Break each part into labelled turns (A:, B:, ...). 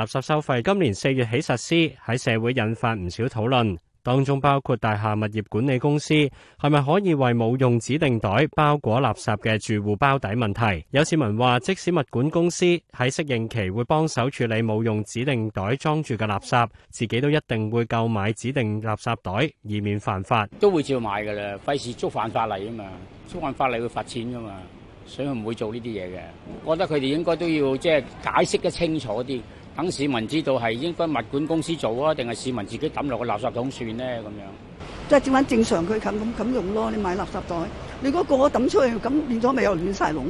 A: 垃圾收費今年四月起實施，喺社會引發唔少討論。當中包括大廈物業管理公司係咪可以為冇用指定袋包裹垃圾嘅住戶包底問題。有市民話，即使物管公司喺適應期會幫手處理冇用指定袋裝住嘅垃圾，自己都一定會購買指定垃圾袋，以免犯法。都會照買㗎啦，費事觸犯法例啊嘛，觸犯法例會罰錢㗎嘛，所以唔會做呢啲嘢嘅。我覺得佢哋應該都要即係解釋得清楚啲。等市民知道係應該物管公司做啊，定係市民自己抌落個垃圾桶算呢？咁樣
B: 即係點樣正常？佢咁咁用咯，你買垃圾袋，你嗰個抌出去咁，變咗咪又亂
C: 晒籠？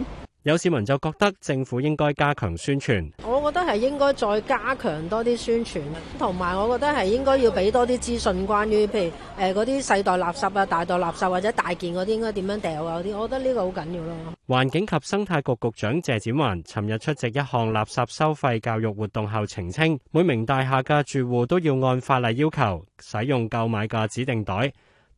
A: 有市民就覺得政府應該加強宣傳。
C: 我覺得係應該再加強多啲宣傳，同埋我覺得係應該要俾多啲資訊，關於譬如誒嗰啲細袋垃圾啊、大袋垃圾或者大件嗰啲，應該點樣掉啊嗰啲，我覺得呢個好緊要咯。
A: 環境及生態局局長謝展寰尋日出席一項垃圾收費教育活動後澄清，每名大廈嘅住戶都要按法例要求使用購買嘅指定袋。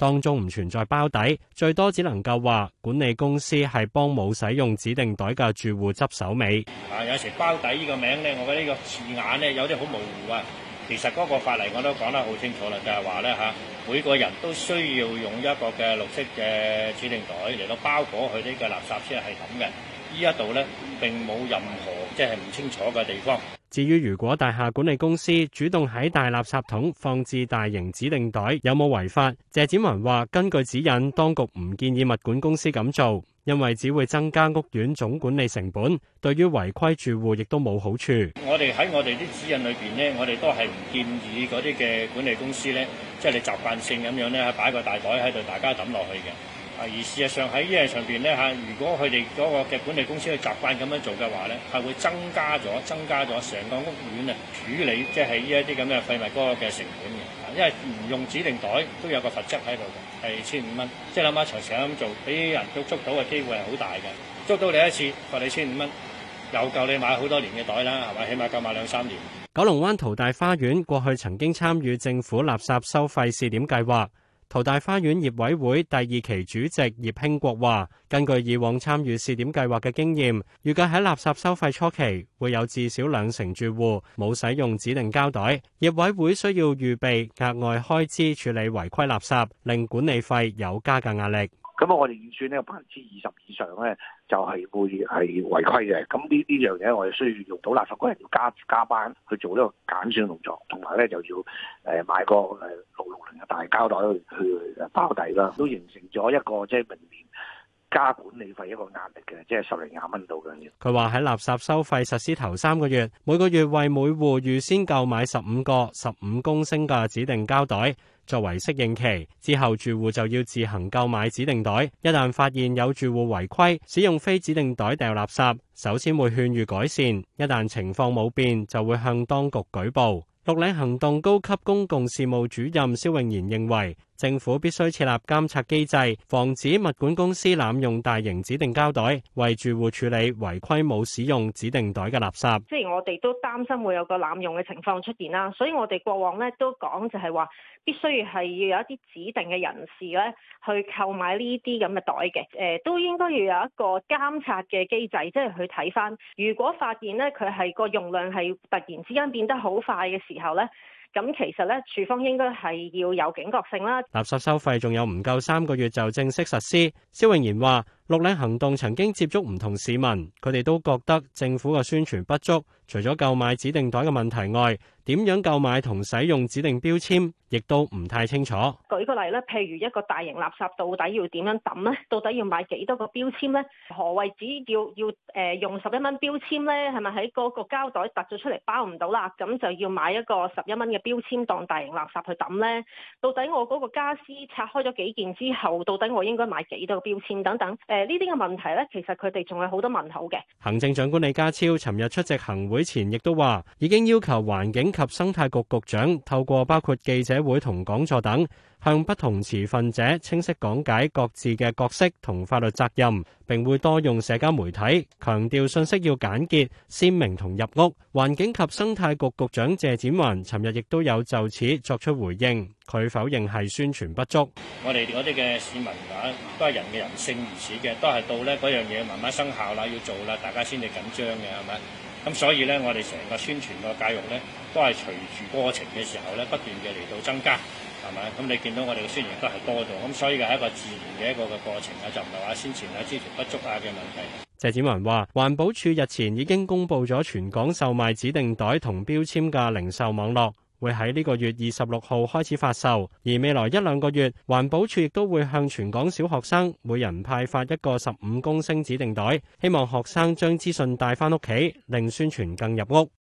A: 當中唔存在包底，最多只能夠話管理公司係幫冇使用指定袋嘅住戶執手尾。
B: 啊，有時包底呢個名咧，我覺得呢個字眼咧有啲好模糊啊。其實嗰個法例我都講得好清楚啦，就係話咧吓，每個人都需要用一個嘅綠色嘅指定袋嚟到包裹佢呢個垃圾車係咁嘅。呢一度咧並冇任何即係唔清楚嘅地方。
A: 至於如果大廈管理公司主動喺大垃圾桶放置大型指定袋，有冇違法？謝展寰話：根據指引，當局唔建議物管公司咁做，因為只會增加屋苑總管理成本，對於違規住戶亦都冇好處。
B: 我哋喺我哋啲指引裏邊呢，我哋都係唔建議嗰啲嘅管理公司呢，即係你習慣性咁樣咧，擺個大袋喺度，大家抌落去嘅。而事實上喺呢樣上邊咧嚇，如果佢哋嗰個嘅管理公司去習慣咁樣做嘅話咧，係會增加咗增加咗成個屋苑啊，處理即係呢一啲咁嘅廢物嗰個嘅成本嘅。因為唔用指定袋都有個罰則喺度嘅，係千五蚊。即係諗下長長咁做，畀人捉捉到嘅機會係好大嘅，捉到你一次罰你千五蚊，又夠你買好多年嘅袋啦，係咪？起碼夠買兩三年。
A: 九龍灣淘大花園過去曾經參與政府垃圾收費試點計劃。淘大花園業委會第二期主席葉興國話，根據以往參與試點計劃嘅經驗，預計喺垃圾收費初期會有至少兩成住戶冇使用指定膠袋，業委會需要預備額外開支處理違規垃圾，令管理費有加價壓力。
B: 咁啊，我哋預算咧百分之二十以上咧，就係、是、會係違規嘅。咁呢呢樣嘢我哋需要用到垃圾工人要加加班去做呢個減少嘅動作，同埋咧就要誒、呃、買個誒六六零嘅大膠袋去去，去包底啦，都形成咗一個即係明。就是加管理費一個壓力嘅，即係十零廿蚊度
A: 嘅。佢話喺垃圾收費實施頭三個月，每個月為每戶預先購買十五個十五公升嘅指定膠袋，作為適應期。之後住戶就要自行購買指定袋。一旦發現有住戶違規使用非指定袋掉垃圾，首先會勸喻改善。一旦情況冇變，就會向當局舉報。綠領行動高級公共事務主任蕭永賢認為。政府必須設立監察機制，防止物管公司濫用大型指定膠袋，為住戶處理違規冇使用指定袋嘅垃圾。
C: 即係我哋都擔心會有個濫用嘅情況出現啦，所以我哋過往咧都講就係話，必須要係要有一啲指定嘅人士咧去購買呢啲咁嘅袋嘅。誒，都應該要有一個監察嘅機制，即係去睇返，如果發現呢，佢係個用量係突然之間變得好快嘅時候呢。咁其實咧，處方應該係要有警覺性啦。
A: 垃圾收費仲有唔夠三個月就正式實施，蕭穎賢話。落令行動曾經接觸唔同市民，佢哋都覺得政府嘅宣傳不足。除咗購買指定袋嘅問題外，點樣購買同使用指定標籤，亦都唔太清楚。
C: 舉個例咧，譬如一個大型垃圾到底要點樣抌呢？到底要買幾多個標籤呢？何為只要要誒用十一蚊標籤呢？係咪喺嗰個膠袋凸咗出嚟包唔到啦？咁就要買一個十一蚊嘅標籤當大型垃圾去抌呢？到底我嗰個傢俬拆開咗幾件之後，到底我應該買幾多個標籤等等？誒呢啲嘅問題咧，其實佢哋仲有好多問號嘅。
A: 行政長官李家超尋日出席行會前，亦都話已經要求環境及生態局局長透過包括記者會同講座等，向不同持份者清晰講解各自嘅角色同法律責任，並會多用社交媒體，強調信息要簡潔、鮮明同入屋。環境及生態局局長謝展寰，尋日亦都有就此作出回應。佢否認係宣傳不足。
B: 我哋嗰啲嘅市民啊，都係人嘅人性如此嘅，都係到咧嗰樣嘢慢慢生效啦，要做啦，大家先至緊張嘅係咪？咁所以咧，我哋成個宣傳個教育咧，都係隨住過程嘅時候咧，不斷嘅嚟到增加。係咪？咁你見到我哋嘅宣傳都係多咗，咁所以嘅係一個自然嘅一個嘅過程啊，就唔係話宣傳啊、支持不足啊嘅問
A: 題。謝展寰話，環保署日前已經公布咗全港售賣指定袋同標籤嘅零售網絡，會喺呢個月二十六號開始發售。而未來一兩個月，環保署亦都會向全港小學生每人派發一個十五公升指定袋，希望學生將資訊帶翻屋企，令宣傳更入屋。